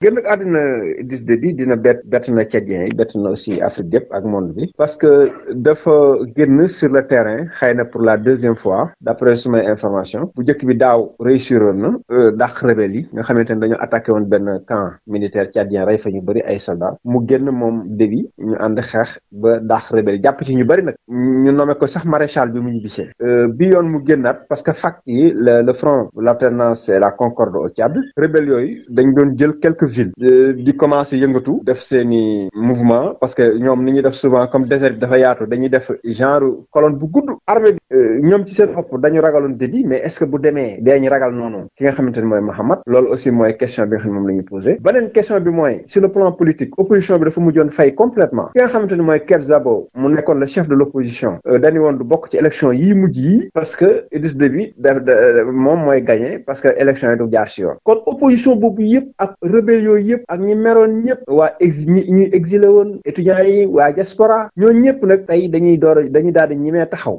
génn ak àddina Idriss Déby dina bett bett na Tchadiens yi bett na aussi Afrique yëpp ak monde bi parce que dafa génn sur le terrain xëy na pour la deuxième fois d'après sumay information bu njëkk bi daaw réussir woon na euh, dàq rebelle yi nga xamante ne dañoo attaqué woon benn camp militaire Tchadien ray fa ñu bari ay soldats mu génn moom Déby ñu ànd xeex ba dàq rebelle yi jàpp ci ñu bëri nag ñu nommé ko sax maréchal bi mu ñu bisee euh, bi yoon mu génnaat parce que FAC yi le le front l'alternance la concorde au ville di commencé yëngatu def seen i mouvement parce que ñoom ni ñuy def souvent comme désert bi dafa yaatu dañuy def genre colonne bu gudd armée bi euh, ñoom ci seen bopp dañu ragaloon début mais est-ce que bu demee dañu ragal noonu ki nga xamante mooy Mahamat loolu aussi mooy question bi nga xam mooy sur le mu nekkoon le chef de l'opposition euh, dañu woon du bokk ci élection yii mujj yi parce que Idriss Déby euh, moom mooy gagné parce que élection yi kuréel yooyu yëpp ak ñi meroon ñëpp waa ex ñi ñuy exilé woon étudiants yi waa diaspora ñoo ñëpp nag tey dañuy door dañuy daal di ñi taxaw